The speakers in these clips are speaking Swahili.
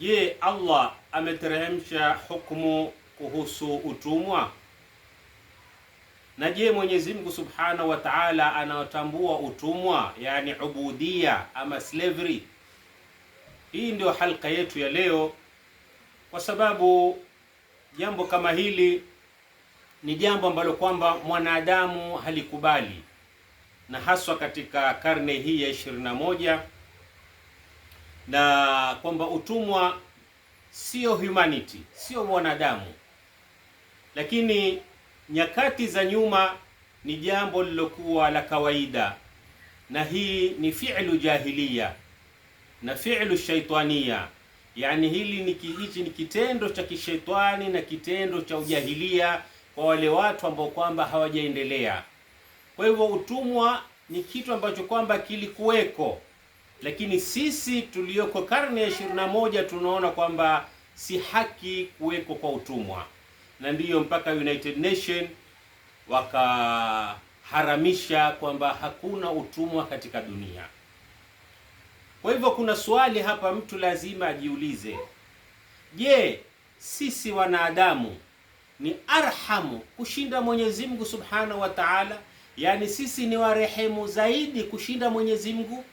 Je, Allah ameteremsha hukumu kuhusu utumwa? Na je, Mwenyezi Mungu Subhanahu wa Ta'ala anatambua utumwa, yani ubudia ama slavery? Hii ndio halka yetu ya leo, kwa sababu jambo kama hili ni jambo ambalo kwamba mwanadamu halikubali, na haswa katika karne hii ya 21 na kwamba utumwa sio humanity, sio mwanadamu, lakini nyakati za nyuma ni jambo lilokuwa la kawaida, na hii ni fi'lu jahiliya na fi'lu shaitania. Yani hili ni hichi ni kitendo cha kishetani na kitendo cha ujahilia kwa wale watu ambao kwamba hawajaendelea. Kwa hivyo utumwa ni kitu ambacho kwamba kilikuweko lakini sisi tuliyoko karne ya 21 tunaona kwamba si haki kuwekwa kwa utumwa, na ndiyo mpaka United Nation wakaharamisha kwamba hakuna utumwa katika dunia. Kwa hivyo kuna swali hapa mtu lazima ajiulize, je, sisi wanadamu ni arhamu kushinda Mwenyezi Mungu Subhanahu wa Ta'ala? Yaani sisi ni warehemu zaidi kushinda Mwenyezi Mungu?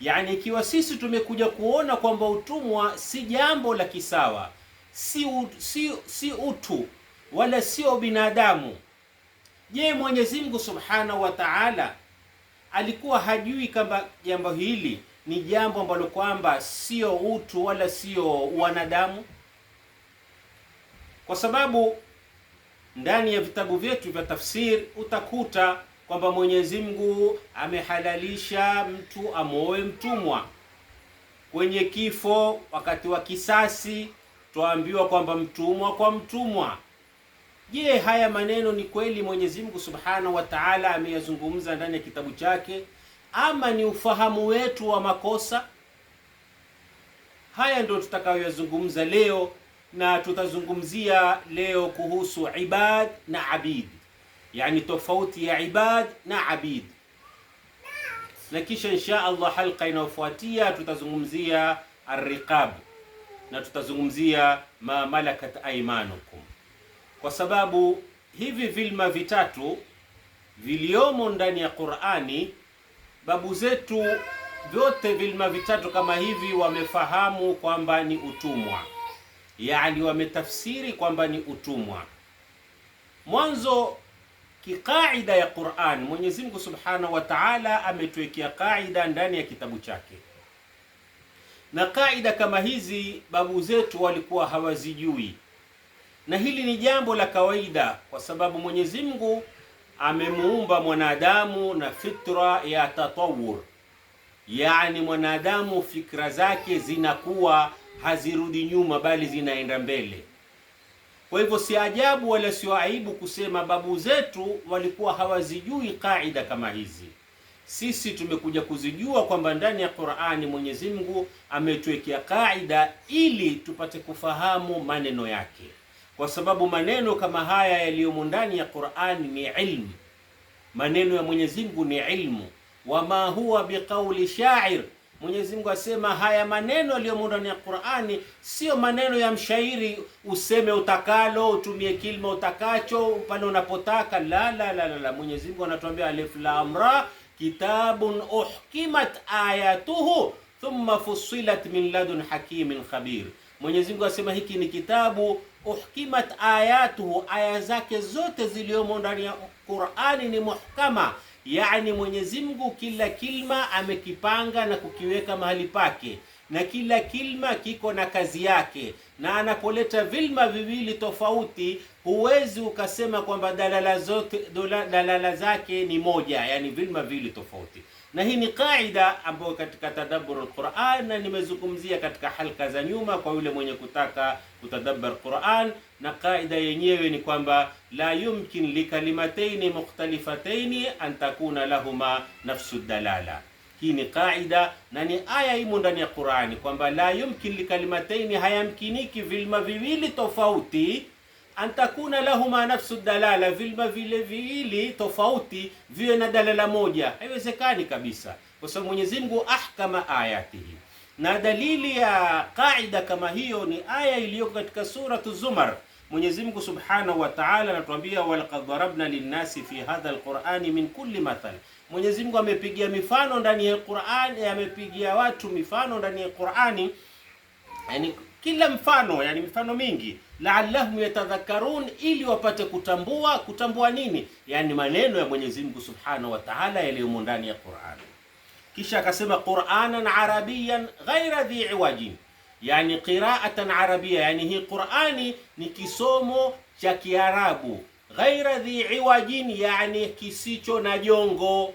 Yaani, ikiwa sisi tumekuja kuona kwamba utumwa si jambo la kisawa, si, u, si, si utu wala sio binadamu. Je, Mwenyezi Mungu Subhanahu wa Ta'ala alikuwa hajui kwamba jambo hili ni jambo ambalo kwamba sio utu wala sio wanadamu? Kwa sababu ndani ya vitabu vyetu vya tafsiri utakuta kwamba Mwenyezi Mungu amehalalisha mtu amoe mtumwa. Kwenye kifo, wakati wa kisasi, twaambiwa kwamba mtumwa kwa mtumwa. Je, haya maneno ni kweli Mwenyezi Mungu Subhanahu wa Ta'ala ameyazungumza ndani ya kitabu chake ama ni ufahamu wetu wa makosa? Haya ndio tutakayoyazungumza leo, na tutazungumzia leo kuhusu ibad na abid yani tofauti ya ibad na abid. Na kisha insha Allah halqa inayofuatia tutazungumzia arriqab na tutazungumzia ma malakat aimanukum, kwa sababu hivi vilma vitatu viliomo ndani ya Qur'ani, babu zetu vyote vilma vitatu kama hivi wamefahamu kwamba ni utumwa, yani wametafsiri kwamba ni utumwa. Mwanzo Kikaida ya Qur'an, Mwenyezi Mungu Subhanahu wa Ta'ala ametuwekea kaida ndani ya kitabu chake, na kaida kama hizi babu zetu walikuwa hawazijui, na hili ni jambo la kawaida, kwa sababu Mwenyezi Mungu amemuumba mwanadamu na fitra ya tatawur, yani mwanadamu fikra zake zinakuwa hazirudi nyuma, bali zinaenda mbele. Kwa hivyo si ajabu wala sio aibu kusema babu zetu walikuwa hawazijui kaida kama hizi. Sisi tumekuja kuzijua kwamba ndani ya Qur'ani Mwenyezi Mungu ametuwekea kaida ili tupate kufahamu maneno yake, kwa sababu maneno kama haya yaliyomo ndani ya Qur'ani ni ilmu. Maneno ya Mwenyezi Mungu ni ilmu, wama huwa biqauli shair Mwenyezi Mungu asema haya maneno yaliyomo ndani ya Qur'ani sio maneno ya mshairi, useme utakalo, utumie kilima utakacho pale unapotaka. La, la, la, la, la. Mwenyezi Mungu anatuambia alif lam ra, kitabun uhkimat ayatuhu thumma fusilat min ladun hakimin khabir. Mwenyezi Mungu asema hiki ni kitabu uhkimat ayatuhu, aya zake zote ziliyomo ndani ya Qur'ani ni muhkama yani Mwenyezi Mungu kila kilma amekipanga na kukiweka mahali pake, na kila kilma kiko na kazi yake, na anapoleta vilma viwili tofauti huwezi ukasema kwamba dalala zote dalala zake ni moja, yani vilma viwili tofauti. Na hii ni kaida ambayo katika tadabbur al-Quran na nimezungumzia katika halka za nyuma, kwa yule mwenye kutaka kutadabbur Quran na kaida yenyewe ni kwamba la yumkin likalimataini mukhtalifatain an takuna lahuma nafsu dalala. Hii ni kaida na ni aya imo ndani ya Qur'ani kwamba la yumkin likalimataini, hayamkiniki vilma viwili tofauti an takuna lahuma nafsu dalala, vilma vile viwili tofauti viwe na dalala moja, haiwezekani kabisa, kwa sababu Mwenyezi Mungu ahkama ayatihi. Na dalili ya kaida kama hiyo ni aya iliyoko katika suratu Zumar Mwenyezi Mungu Subhanahu wa Ta'ala anatuambia walaqad darabna linnasi fi hadha alqur'ani min kulli mathal. Mwenyezi Mungu amepigia mifano ndani ya Qur'ani, amepigia watu mifano ndani ya Qur'ani, Yaani kila mfano, yani mifano mingi, la'allahum yatadhakkarun, ili wapate kutambua. Kutambua nini? Yani maneno ya Mwenyezi Mungu Subhanahu wa Ta'ala yaliyomo ndani ya Qur'ani. Kisha akasema qur'anan arabiyan ghaira dhi'i wajin yani qira'atan arabia, yani hii Qur'ani ni kisomo cha Kiarabu. Ghaira dhi iwajin, yani kisicho na jongo,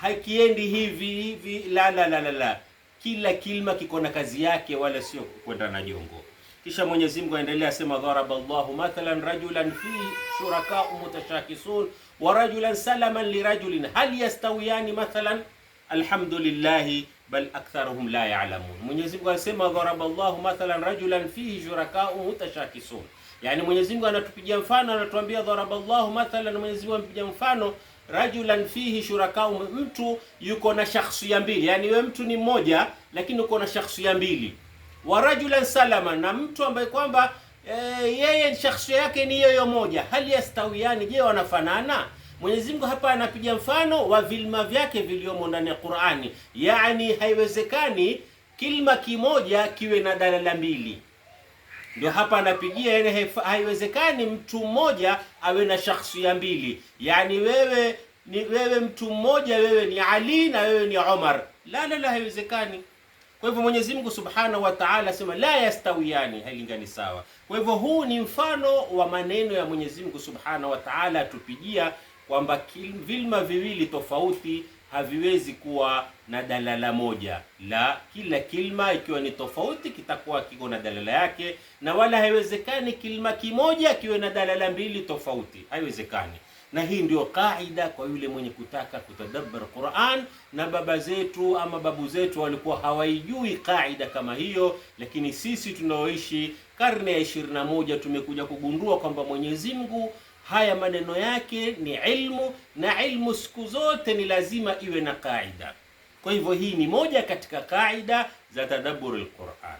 hakiendi hivi hivi, la la la la, kila kilma kiko na kazi yake, wala sio kwenda na jongo. Kisha Mwenyezi Mungu aendelea asema, dharaba Allahu mathalan rajulan fi shurakau mutashakisun wa rajulan salaman lirajulin hal yastawiyani mathalan, alhamdulillahi bal aktharuhum la yaalamun. Mwenyezi Mungu anasema dharaba Allahu mathalan rajulan fihi shurakau mutashakisun, yani Mwenyezi Mungu anatupigia mfano, anatuambia dharaba Allahu mathalan, Mwenyezi Mungu ampigia mfano rajulan fihi shurakau, mtu yuko na ya mbili, yani we mtu ni mmoja lakini uko na ya mbili, wa rajulan salama, na mtu ambaye kwamba e, yeye shakhsi yake ni hiyo moja. hali yastawiani, je wanafanana? Mwenyezi Mungu hapa anapiga mfano wa vilma vyake viliomo ndani ya Qur'ani, yaani haiwezekani kilma kimoja kiwe na dalala mbili. Ndio hapa anapigia, yaani haiwezekani mtu mmoja awe na shakhsia mbili, yaani wewe ni wewe mtu mmoja, wewe ni Ali na wewe ni Omar. La, la, la, haiwezekani. Kwa hivyo Mwenyezi Mungu Subhanahu wa Ta'ala asema la yastawiyani, hailingani sawa. Kwa hivyo huu ni mfano wa maneno ya Mwenyezi Mungu Subhanahu wa Ta'ala atupigia kwamba vilma viwili tofauti haviwezi kuwa na dalala moja, la kila kilma ikiwa ni tofauti kitakuwa kiko na dalala yake, na wala haiwezekani kilma kimoja kiwe na dalala mbili tofauti, haiwezekani. Na hii ndio kaida kwa yule mwenye kutaka kutadabbar Qur'an, na baba zetu ama babu zetu walikuwa hawaijui kaida kama hiyo, lakini sisi tunaoishi karne ya 21 tumekuja kugundua kwamba Mwenyezi Mungu Haya maneno yake ni ilmu, na ilmu siku zote ni lazima iwe na kaida. Kwa hivyo hii ni moja katika kaida za tadaburi al-Qur'an.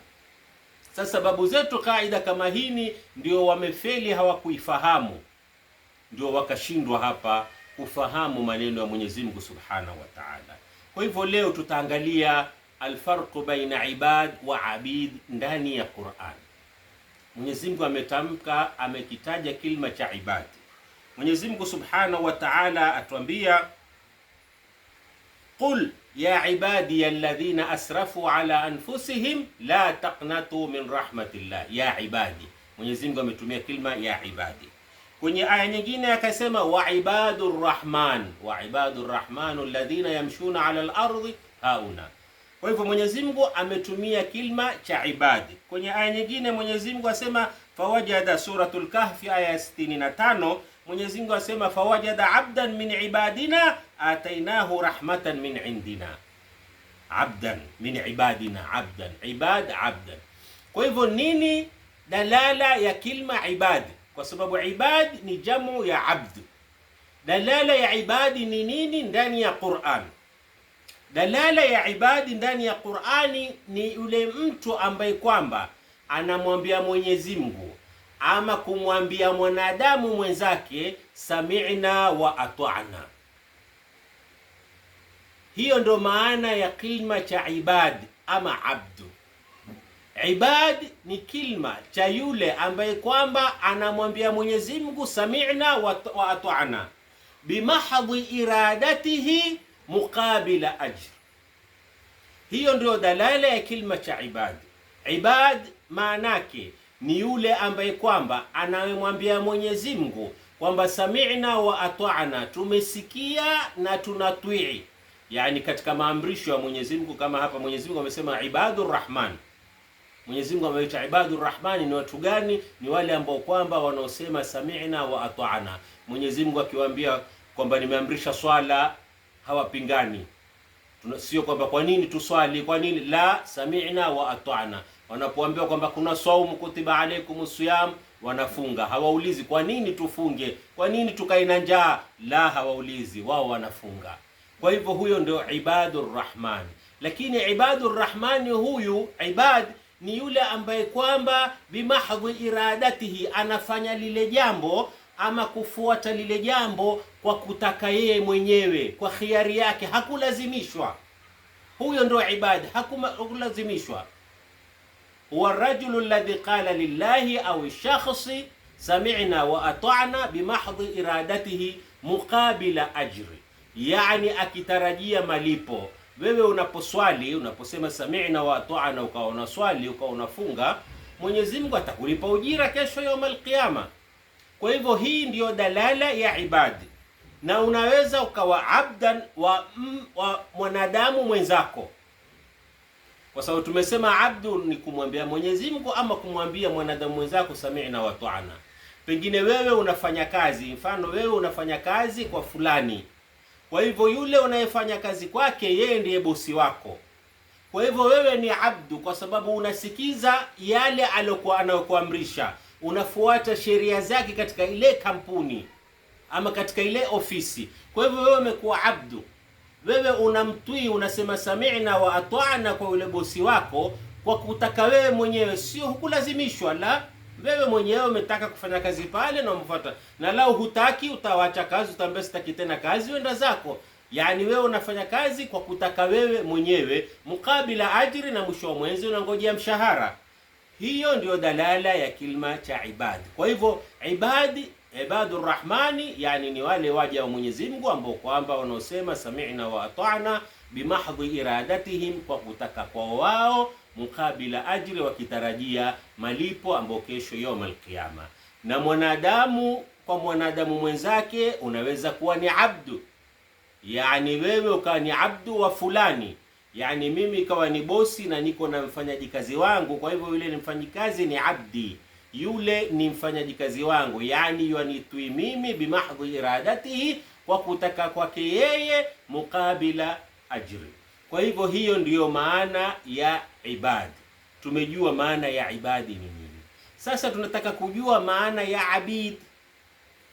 Sasa sababu zetu kaida kama hini ndio wamefeli, hawakuifahamu, ndio wakashindwa hapa kufahamu maneno ya Mwenyezi Mungu Subhanahu wa Ta'ala. Kwa hivyo leo tutaangalia alfarqu baina ibad wa abid ndani ya Qur'an. Mwenyezi Mungu ametamka, amekitaja kilima cha ibad Mwenyezi Mungu Subhanahu wa Ta'ala atuambia, qul ya ibadi alladhina asrafu ala anfusihim la taqnatu min rahmatillah. Ya ibadi, Mwenyezi Mungu ametumia kilma ya ibadi. Kwenye aya nyingine akasema, wa ibadur rahman wa ibadur rahman alladhina yamshuna ala al-ardi hauna. Kwa hivyo Mwenyezi Mungu ametumia kilma cha ibadi. Kwenye aya nyingine Mwenyezi Mungu asema fawajada suratul kahfi aya 65 Mwenyezi Mungu asema fawajada abdan min ibadina atainahu rahmatan min indina. Abdan min ibadina, abdan ibad, abdan. Kwa hivyo nini dalala ya kilma ibad? Kwa sababu ibad ni jamu ya abd. Dalala ya ibadi ni nini ndani ya Qur'an? Dalala ya ibadi ndani ya Qur'ani ni yule mtu ambaye kwamba anamwambia Mwenyezi Mungu ama kumwambia mwanadamu mwenzake sami'na wa ata'na. Hiyo ndo maana ya kilma cha ibad ama abdu. Ibad ni kilma cha yule ambaye kwamba anamwambia Mwenyezi Mungu sami'na wa ata'na bimahdhi iradatihi muqabila ajr. Hiyo ndio dalala ya kilma cha ibad. Ibad maanake ni yule ambaye kwamba anamwambia Mwenyezi Mungu kwamba sami'na wa ata'na, tumesikia na tunatwii, yani katika maamrisho ya Mwenyezi Mungu. Kama hapa Mwenyezi Mungu amesema ibadur rahman. Mwenyezi Mungu ameita ibadur ni watu gani? Ni wale ambao kwamba wanaosema sami'na wa ata'na. Mwenyezi Mungu akiwaambia kwamba nimeamrisha swala hawapingani, sio kwamba kwa nini tuswali, kwa nini la, sami'na wa ata'na wanapoambiwa kwamba kuna saumu kutiba alaikum siyam, wanafunga. Hawaulizi kwa nini tufunge, kwa nini tukae na njaa, la, hawaulizi wao, wanafunga. Kwa hivyo huyo ndio ibadur rahman. Lakini ibadur rahmani huyu ibad ni yule ambaye kwamba bimahdhi iradatihi, anafanya lile jambo ama kufuata lile jambo kwa kutaka yeye mwenyewe, kwa khiari yake, hakulazimishwa. Huyo ndio ibad, hakulazimishwa huwa rajulu alladhi qala lillahi au shakhsi sami'na wa ata'na bimahdhi iradatihi muqabila ajri, yani akitarajia malipo. Wewe unaposwali unaposema sami'na wa ata'na, ukawa unaswali ukawa unafunga, Mwenyezi Mungu atakulipa ujira kesho ya qiyama. Kwa hivyo hii ndiyo dalala ya ibadi, na unaweza ukawa abdan wa, mm, wa mwanadamu mwenzako kwa sababu tumesema abdu ni kumwambia Mwenyezi Mungu ama kumwambia mwanadamu mwenzako sami'na wa ta'ana. Pengine wewe unafanya kazi, mfano wewe unafanya kazi kwa fulani, kwa hivyo yule unayefanya kazi kwake yeye ndiye bosi wako. Kwa hivyo wewe ni abdu, kwa sababu unasikiza yale aliyokuwa anayokuamrisha, unafuata sheria zake katika ile kampuni ama katika ile ofisi. Kwa hivyo wewe umekuwa abdu wewe unamtwii, unasema sami'na wa ata'na kwa yule bosi wako kwa kutaka wewe mwenyewe, sio hukulazimishwa. La, wewe mwenyewe umetaka kufanya kazi pale na umfuata, na lau hutaki utawacha kazi, utaambia sitaki tena kazi, wenda zako. Yaani wewe unafanya kazi kwa kutaka wewe mwenyewe, mukabila ajiri, na mwisho wa mwezi unangojea mshahara. Hiyo ndiyo dalala ya kilima cha ibadi. Kwa hivyo ibadi ibadu rahmani, yani ni wale waja wa Mwenyezi Mungu ambao kwamba wanaosema sami'na wa ata'na bimahdhi iradatihim, kwa kutaka kwa wao mukabila ajri, wakitarajia malipo ambao kesho yaumul qiyama. Na mwanadamu kwa mwanadamu mwenzake unaweza kuwa ni abdu, yani wewe ukawa ni abdu wa fulani yani mimi ikawa ni bosi na niko na mfanyaji kazi wangu, kwa hivyo yule ni mfanyikazi ni abdi yule ni mfanyaji kazi wangu, yani yanitwi mimi bimahdhi iradatihi, kwa kutaka kwake yeye, mukabila ajri. Kwa hivyo hiyo ndiyo maana ya ibadi. Tumejua maana ya ibadi ni nini, sasa tunataka kujua maana ya abid.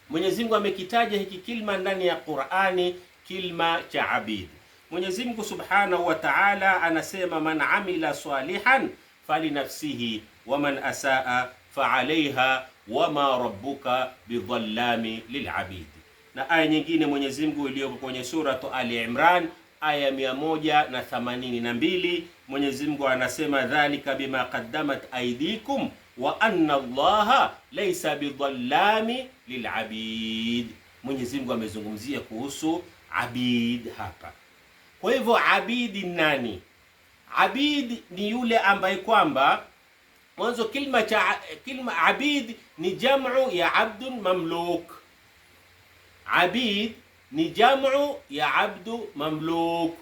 Mwenyezi Mungu amekitaja hiki kilma ndani ya Qur'ani, kilma cha abid. Mwenyezi Mungu Subhanahu wa Ta'ala anasema, man amila salihan falinafsihi wa man asaa faalaiha wama rabbuka bidhallami lilabidi. Na aya nyingine Mwenyezi Mungu iliyoko kwenye suratu Ali Imran aya 182 Mwenyezi Mungu anasema dhalika bima qaddamat aidikum wa anna Allaha laysa bidhallami lilabid. Mwenyezi Mungu amezungumzia kuhusu abid hapa. Kwa hivyo abidi nani? Abid ni yule ambaye kwamba mwanzo kilma cha kilma abid ni jamu ya abdun mamluk. Abid ni jamu ya abdu mamluk,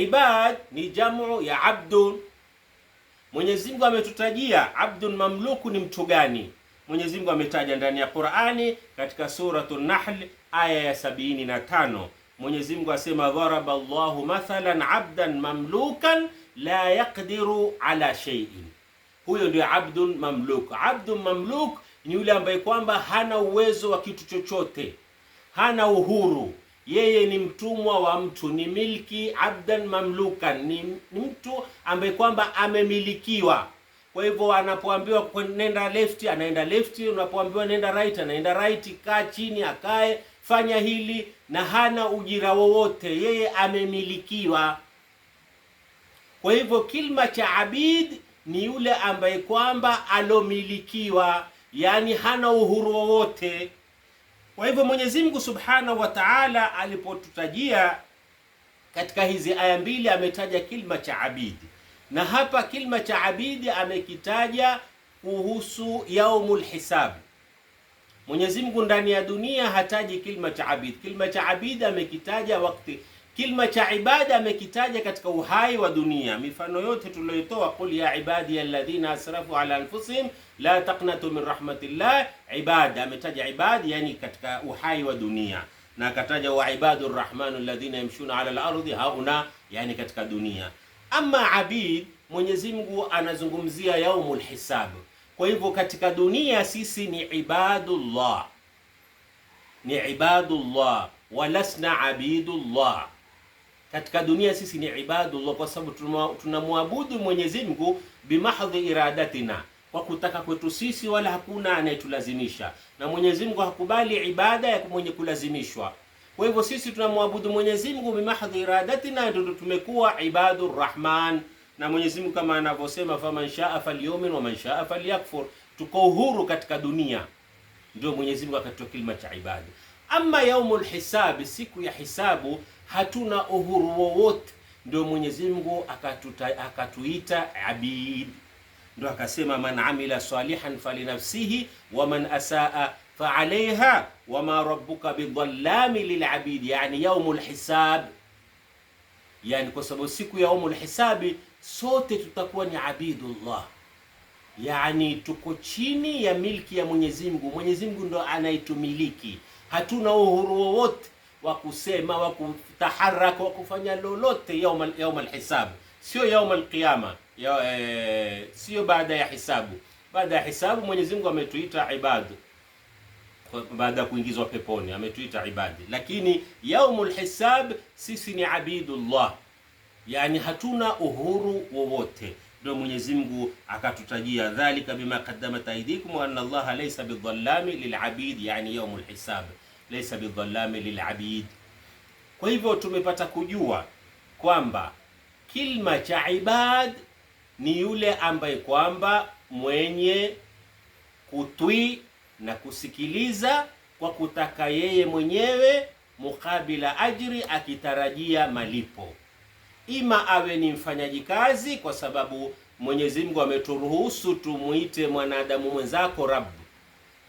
ibad ni jamu ya abdu Mwenyezi Mungu ametutajia abdun mamluku ni mtu gani? Mwenyezi Mungu ametaja ndani ya Qur'ani katika suratul Nahl aya ya tano. Mwenyezi Mungu asema dharaba Allahu mathalan abdan mamlukan la yaqdiru ala shay'in huyo ndio abdun mamluk. Abdun mamluk ni yule ambaye kwamba hana uwezo wa kitu chochote, hana uhuru, yeye ni mtumwa wa mtu, ni milki. Abdan mamlukan ni, ni mtu ambaye kwamba amemilikiwa. Kwa hivyo anapoambiwa nenda left anaenda left, unapoambiwa nenda right anaenda right, kaa chini, akae, fanya hili, na hana ujira wowote, yeye amemilikiwa. Kwa hivyo kilma cha abid ni yule ambaye kwamba alomilikiwa, yani hana uhuru wowote. Kwa hivyo Mwenyezi Mungu Subhanahu wa Ta'ala alipotutajia katika hizi aya mbili ametaja kilma cha abidi, na hapa kilma cha abidi amekitaja kuhusu yaumul hisab. Mwenyezi Mungu ndani ya dunia hataji kilma cha abidi Kilma cha abidi amekitaja wakati Kilma cha ibada amekitaja katika uhai wa dunia, mifano yote tuliyotoa, qul ya ibadi alladhina asrafu ala anfusihim la taqnatu min rahmatillah. Ibada ametaja ibadi, yani katika uhai wa dunia, na akataja wa ibadu rrahmanu alladhina yamshuna ala al hauna, yani katika dunia. Ama abid, Mwenyezi Mungu anazungumzia yaumul hisab. Kwa hivyo katika dunia sisi ni ibadullah, ni ibadullah walasna abidullah katika dunia sisi ni ibadullah, kwa sababu tunamwabudu Mwenyezi Mungu bimahdhi iradatina, kwa kutaka kwetu sisi, wala hakuna anayetulazimisha, na Mwenyezi Mungu hakubali ibada ya mwenye kulazimishwa. Kwa hivyo sisi tunamwabudu Mwenyezi Mungu bimahdhi iradatina, ndio tumekuwa ibadur rahman. Na Mwenyezi Mungu kama anavyosema, faman shaa falyumin wa man shaa falyakfur, tuko uhuru katika dunia. Ndio Mwenyezi Mungu akatoa kilima cha ibada. Ama yaumul hisabi, siku ya hisabu hatuna uhuru wowote. Ndio Mwenyezi Mungu akatuita abid, ndio akasema man amila salihan falinafsihi wa man asaa fa alaiha ma rabbuka bidhallami lilabidi, yani yaumul hisab, yani kwa sababu siku ya yaumul hisabi sote tutakuwa ni abidullah, yani tuko chini ya milki ya Mwenyezi Mungu. Mwenyezi Mungu ndo anayetumiliki, hatuna uhuru wowote wa kusema wa kutaharaka wa kufanya lolote yaum alhisabu, sio yaum alqiyama ya, eh, sio baada ya hisabu. Baada ya hisabu Mwenyezi Mungu ametuita ibadu, baada ya kuingizwa peponi ametuita ibadi, lakini yaumul hisab sisi ni abidullah, yani hatuna uhuru wowote. Ndio Mwenyezi Mungu akatutajia dhalika bima qaddamat aidikum wa anna Allah laysa bidhallami lilabid, yani yaumul hisab laisa bidhallami lilabid. Kwa hivyo tumepata kujua kwamba kilma cha ibad ni yule ambaye kwamba mwenye kutwi na kusikiliza kwa kutaka yeye mwenyewe mukabila ajri, akitarajia malipo. Ima awe ni mfanyaji kazi, kwa sababu Mwenyezi Mungu ameturuhusu tumuite mwanadamu mwenzako rabu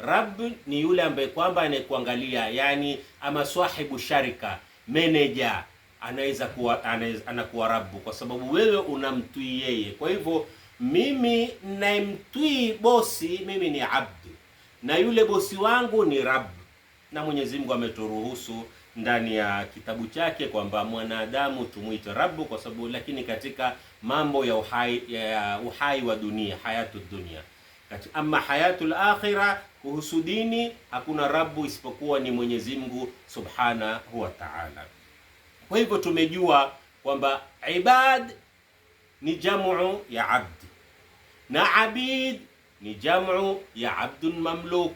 rab ni yule ambaye kwamba anayekuangalia, yani ama swahibu sharika, meneja anaweza kuwa anaweza, anakuwa Rabu kwa sababu wewe unamtii yeye. Kwa hivyo mimi nayemtii bosi mimi ni abdi na yule bosi wangu ni Rabu, na Mwenyezi Mungu ameturuhusu ndani ya kitabu chake kwamba mwanadamu tumwite Rabu kwa sababu, lakini katika mambo ya uhai, ya uhai wa dunia hayatu dunia ama hayatul akhira, kuhusu dini hakuna rabu isipokuwa ni Mwenyezi Mungu subhanahu wa ta'ala. Kwa hivyo tumejua kwamba ibad ni jamu ya abdi na abid ni jamu ya abdun mamluk.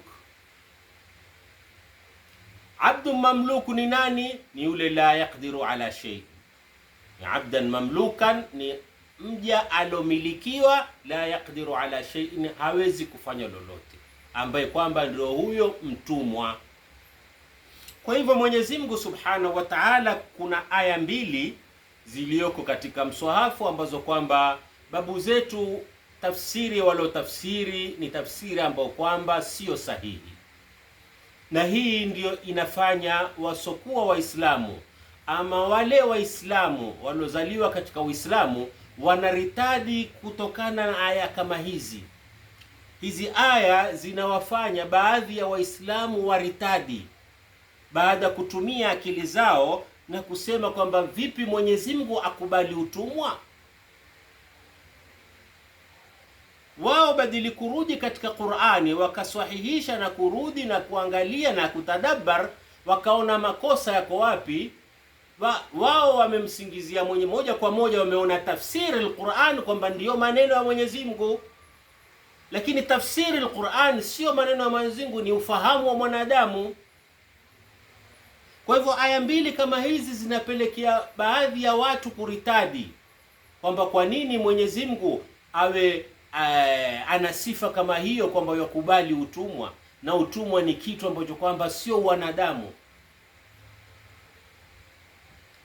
Abdun mamluku ni nani? Ni yule la yaqdiru ala shay. Abdan mamlukan ni mja alomilikiwa la yakdiru ala shay'in, hawezi kufanya lolote, ambaye kwamba ndio huyo mtumwa. Kwa hivyo Mwenyezi Mungu Subhanahu wa Ta'ala, kuna aya mbili ziliyoko katika mswahafu ambazo kwamba babu zetu tafsiri waliotafsiri ni tafsiri ambayo kwamba sio sahihi, na hii ndiyo inafanya wasokuwa Waislamu ama wale Waislamu waliozaliwa katika Uislamu wanaritadi kutokana na aya kama hizi. Hizi aya zinawafanya baadhi ya Waislamu waritadi baada ya kutumia akili zao na kusema kwamba vipi Mwenyezi Mungu akubali utumwa? Wao badili kurudi katika Qur'ani, wakaswahihisha na kurudi na kuangalia na kutadabbar, wakaona makosa yako wapi wa, wao wamemsingizia mwenye moja kwa moja, wameona tafsiri al-Qur'an kwamba ndiyo maneno ya Mwenyezi Mungu, lakini tafsiri al-Qur'an sio maneno ya Mwenyezi Mungu, ni ufahamu wa mwanadamu. Kwa hivyo aya mbili kama hizi zinapelekea baadhi ya watu kuritadi kwamba kwa nini Mwenyezi Mungu awe eh, ana sifa kama hiyo kwamba yakubali utumwa na utumwa ni kitu ambacho kwamba sio wanadamu.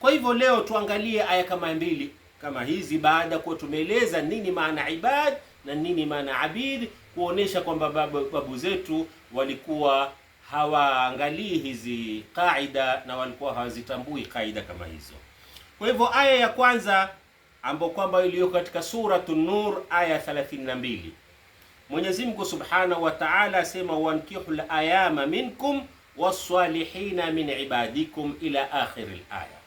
Kwa hivyo leo tuangalie aya kama mbili kama hizi, baada ya kuwa tumeeleza nini maana ibad na nini maana abid, kuonesha kwamba babu zetu walikuwa hawaangalii hizi kaida na walikuwa hawazitambui kaida kama hizo. Kwa hivyo aya ya kwanza ambayo kwamba iliyo katika suratu Nur aya 32, Mwenyezi Mungu Subhanahu wa Ta'ala asema wankihul ayama minkum wassalihina min ibadikum ila al aya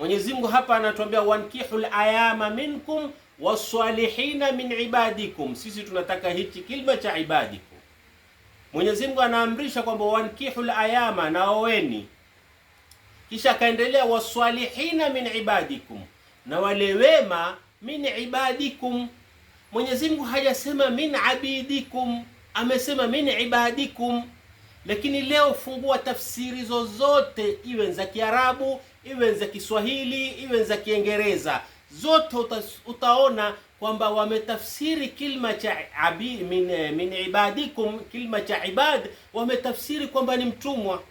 Mwenyezi Mungu hapa anatuambia wankihul ayama minkum wasalihina min ibadikum. Sisi tunataka hichi kilima cha ibadikum. Mwenyezi Mungu anaamrisha kwamba wankihul ayama, naoweni. Kisha akaendelea wasalihina min ibadikum, na wale wema min ibadikum. Mwenyezi Mungu hajasema min abidikum, amesema min ibadikum. Lakini leo fungua tafsiri zozote, iwe za Kiarabu iwe za Kiswahili, iwe za Kiingereza, zote utaona kwamba wametafsiri kilma cha abi, min, min ibadikum, kilma cha ibad wametafsiri kwamba ni mtumwa.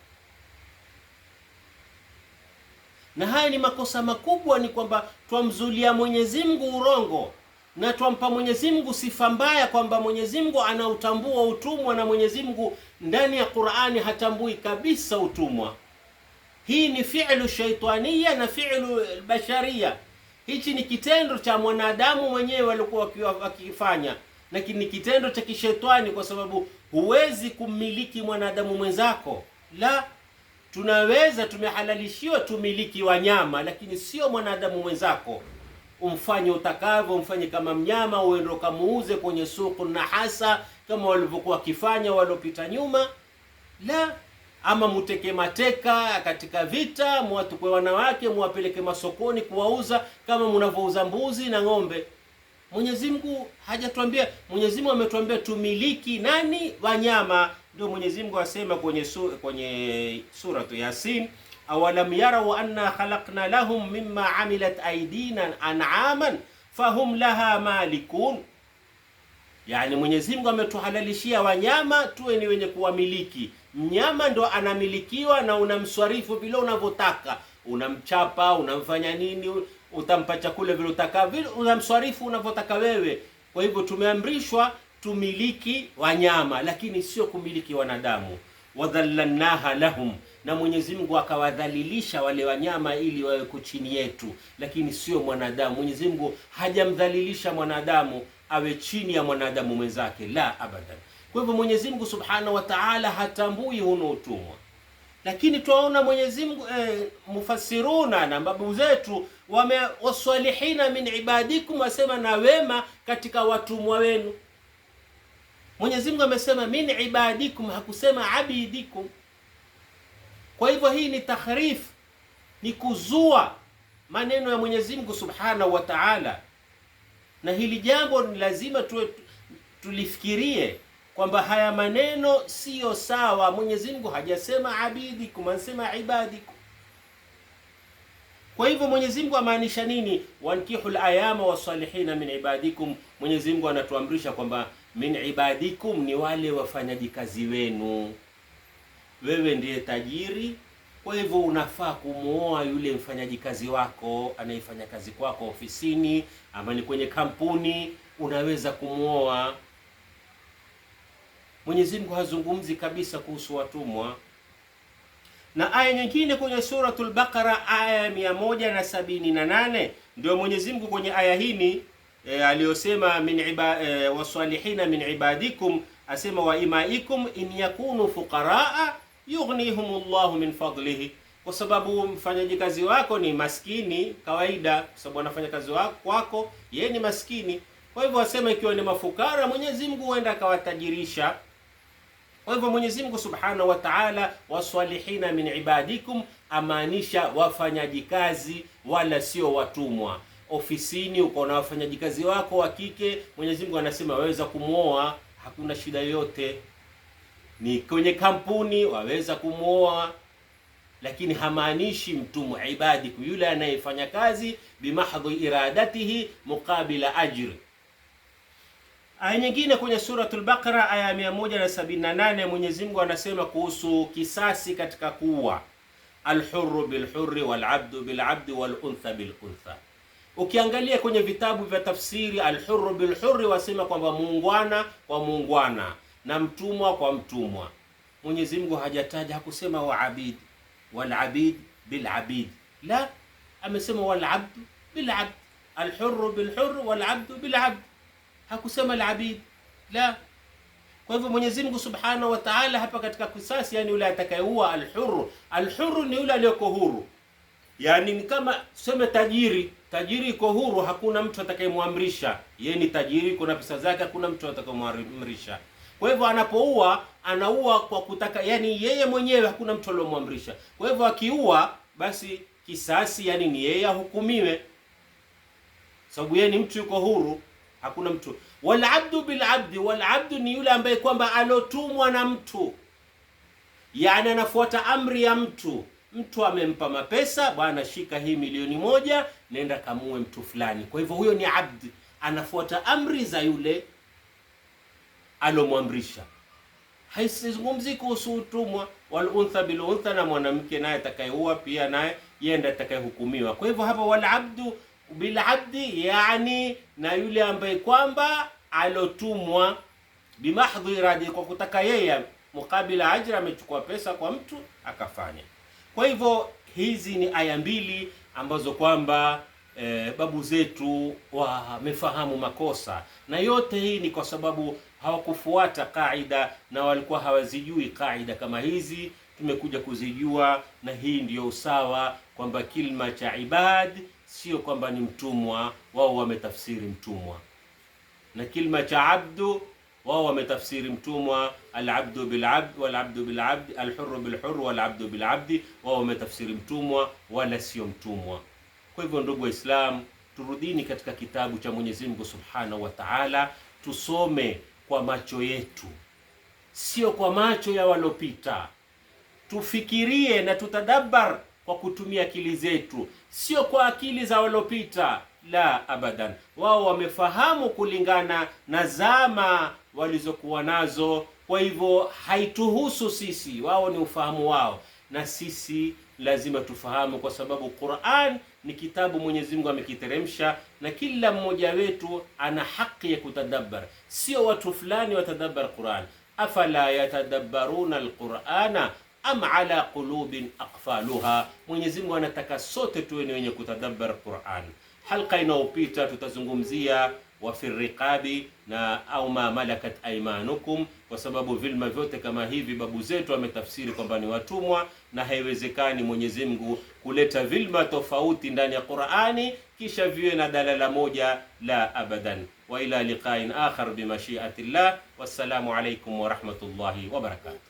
Na haya ni makosa makubwa, ni kwamba twamzulia Mwenyezi Mungu urongo na twampa Mwenyezi Mungu sifa mbaya, kwamba Mwenyezi Mungu anautambua utumwa, na Mwenyezi Mungu ndani ya Qur'ani hatambui kabisa utumwa. Hii ni fi'lu shaitania na fi'lu basharia. Hichi ni kitendo cha mwanadamu mwenyewe walikuwa wakifanya, lakini ni kitendo cha kishetani, kwa sababu huwezi kummiliki mwanadamu mwenzako. La, tunaweza tumehalalishiwa tumiliki wanyama, lakini sio mwanadamu mwenzako. Umfanye utakavyo, umfanye kama mnyama, uende ukamuuze kwenye suku na hasa kama walivyokuwa wakifanya waliopita nyuma. La ama muteke mateka katika vita, muwatukwe wanawake, muwapeleke masokoni kuwauza kama mnavyouza mbuzi na ng'ombe. Mwenyezi Mungu hajatuambia. Mwenyezi Mungu ametuambia tumiliki nani? Wanyama. Ndio Mwenyezi Mungu asema kwenye su, kwenye suratu Yasin, awalam yarau anna khalaqna lahum mimma amilat aidina an'aman fahum laha malikun. Yani Mwenyezi Mungu ametuhalalishia wanyama tuwe ni wenye kuwamiliki mnyama ndo anamilikiwa na unamswarifu vile unavyotaka, unamchapa, unamfanya nini, utampa chakula vile utaka, vile unamswarifu unavyotaka wewe. Kwa hivyo tumeamrishwa tumiliki wanyama, lakini sio kumiliki wanadamu. Wadhallalnaha lahum, na Mwenyezi Mungu akawadhalilisha wale wanyama ili waweko chini yetu, lakini sio mwanadamu. Mwenyezi Mungu hajamdhalilisha mwanadamu awe chini ya mwanadamu mwenzake, la abadan. Kwa hivyo Mwenyezi Mungu Subhanahu wa Ta'ala hatambui huna utumwa, lakini twaona Mwenyezi Mungu e, eh, mufasiruna na mababu zetu wame min ibadikum wasema na wema katika watumwa wenu. Mwenyezi Mungu amesema min ibadikum, hakusema abidikum. Kwa hivyo hii ni tahrif, ni kuzua maneno ya Mwenyezi Mungu Subhanahu wa Ta'ala, na hili jambo ni lazima tuwe tulifikirie kwamba haya maneno siyo sawa. Mwenyezi Mungu hajasema abidikum, ansema ibadikum. Kwa hivyo Mwenyezi Mungu amaanisha nini? wankihul ayama wasalihina min ibadikum. Mwenyezi Mungu anatuamrisha kwamba min ibadikum ni wale wafanyaji kazi wenu. Wewe ndiye tajiri, kwa hivyo unafaa kumwoa yule mfanyaji kazi wako anayefanya kazi kwako ofisini, ama ni kwenye kampuni, unaweza kumwoa Mwenyezi Mungu hazungumzi kabisa kuhusu watumwa. Na aya nyingine kwenye suratul Baqara aya ya 178 ndio Mwenyezi Mungu kwenye aya hini e, aliyosema min iba, e, wasalihina min ibadikum asema wa imaikum in yakunu fuqaraa yughnihumullahu min fadlihi, kwa sababu mfanyaji kazi wako ni maskini kawaida, kwa sababu anafanya kazi wako wako yeye ni maskini. Kwa hivyo asema ikiwa ni mafukara, Mwenyezi Mungu huenda akawatajirisha kwa hivyo Mwenyezi Mungu Subhanahu wa Ta'ala, wasalihina min ibadikum, amaanisha wafanyaji kazi, wala sio watumwa. Ofisini uko na wafanyaji kazi wako wa kike, Mwenyezi Mungu anasema waweza kumwoa, hakuna shida yoyote. Ni kwenye kampuni waweza kumwoa, lakini hamaanishi mtumwa. Ibadiku, yule anayefanya kazi bimahdhi iradatihi muqabila ajri Aya nyingine kwenye suratul Baqara aya ya 178 Mwenyezi Mungu anasema kuhusu kisasi katika kuua, alhurru bilhurri walabdu bilabdi waluntha biluntha. Ukiangalia kwenye vitabu vya tafsiri, alhurru bilhurri wasema kwamba muungwana kwa muungwana na mtumwa kwa mtumwa. Mwenyezi Mungu hajataja, hakusema waabid walabid bilabid, la, amesema walabdu bilabd, alhurru bilhurri walabdu bilabd hakusema alabid la. Kwa hivyo Mwenyezi Mungu Subhanahu wa Ta'ala hapa katika kisasi, yani yule atakayeua alhuru, alhuru ni yule aliyoko huru, yani ni kama tuseme tajiri. Tajiri iko huru, hakuna mtu atakayemwamrisha yeye ni tajiri, kuna pesa zake, hakuna mtu atakayemwamrisha. Kwa hivyo anapouua, anaua kwa kutaka, yani yeye mwenyewe, hakuna mtu aliyomwamrisha. Kwa hivyo akiua, basi kisasi, yani ni yeye ahukumiwe, sababu yeye ni mtu yuko huru hakuna mtu. Walabdu bilabdi, walabdu ni yule ambaye kwamba alotumwa na mtu, yani anafuata amri ya mtu. Mtu amempa mapesa, bwana, shika hii milioni moja, nenda kamue mtu fulani. Kwa hivyo huyo ni abdi, anafuata amri za yule alomwamrisha. Haisizungumzi kuhusu utumwa. Wal untha bil untha, na mwanamke naye atakayeua pia naye yenda atakayehukumiwa. Kwa hivyo hapa walabdu bilabdi, yani na yule ambaye kwamba alotumwa bimahdhi iradi, kwa kutaka yeye mukabila ajira, amechukua pesa kwa mtu akafanya. Kwa hivyo hizi ni aya mbili ambazo kwamba e, babu zetu wamefahamu makosa, na yote hii ni kwa sababu hawakufuata kaida na walikuwa hawazijui kaida kama hizi. Tumekuja kuzijua, na hii ndiyo usawa kwamba kilima cha ibad sio kwamba ni mtumwa. Wao wametafsiri mtumwa na kilima cha abdu, wao wametafsiri mtumwa, alabdu bilabd walabdu bilabd, alhurru bilhurru walabdu bilabdi. Wao wametafsiri mtumwa, wala sio mtumwa. Kwa hivyo, ndugu Waislamu, turudini katika kitabu cha Mwenyezi Mungu Subhanahu wa Ta'ala, tusome kwa macho yetu, sio kwa macho ya walopita. Tufikirie na tutadabar kwa kutumia akili zetu, sio kwa akili za waliopita. La, abadan. Wao wamefahamu kulingana na zama walizokuwa nazo, kwa hivyo haituhusu sisi. Wao ni ufahamu wao, na sisi lazima tufahamu, kwa sababu Qur'an ni kitabu Mwenyezi Mungu amekiteremsha, na kila mmoja wetu ana haki ya kutadabbar, sio watu fulani watadabbar Qur'an. Afala yatadabbaruna alqur'ana am ala qulubin aqfaluha. Mwenyezi Mungu anataka sote tuwe ni wenye kutadabbar Qur'an. Halqa inayopita tutazungumzia wa firriqabi na au ma malakat aymanukum, kwa sababu vilma vyote kama hivi babu zetu wametafsiri kwamba ni watumwa, na haiwezekani Mwenyezi Mungu kuleta vilma tofauti ndani ya Qur'ani kisha viwe na dalala moja, la abadan. Wa ila liqa'in akhar bi mashi'atillah. Wassalamu alaykum wa rahmatullahi wa barakatuh.